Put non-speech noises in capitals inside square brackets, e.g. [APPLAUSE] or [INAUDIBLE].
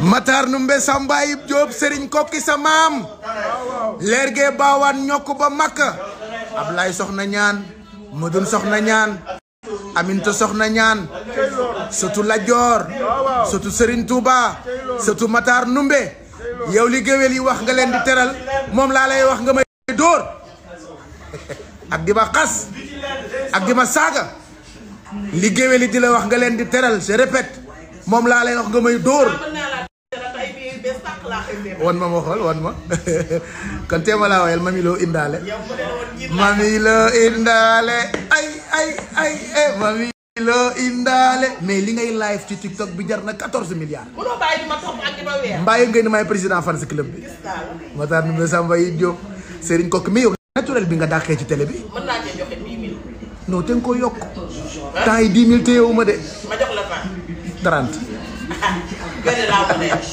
Matar Numbe Samba Ayib Diop Serigne Kokki sa leer gee baawaan ñokk ba Makka Ablaye soxna ñaan Modun soxna ñaan Aminta soxna ñaan sëtu Lat Joor sëtu Serigne Touba sëtu Matar Numbe yow yi wax nga leen di teral moom laa lay wax nga may dóor ak di ma xas ak di ma saaga li yi di la wax nga leen di teral je répète moom laa lay wax nga may dóor won ma mo xol won ma [LAUGHS] kon téema la wayal mami lo indaale mami lo indaale ay ay ay eh mami lo indaale mais li ngay live ci TikTok bi jarna 14 milliards mo baye di ma topp ak di ma weer mbaa yëg ni may président fans club bi Matar ni sa yi Diop Serigne kok mi naturel bi nga daxé ci télé bi man na ci joxé 10000 no non ko yok tay 10000 dix téyewuma de ma jox la fan trente [LAUGHS]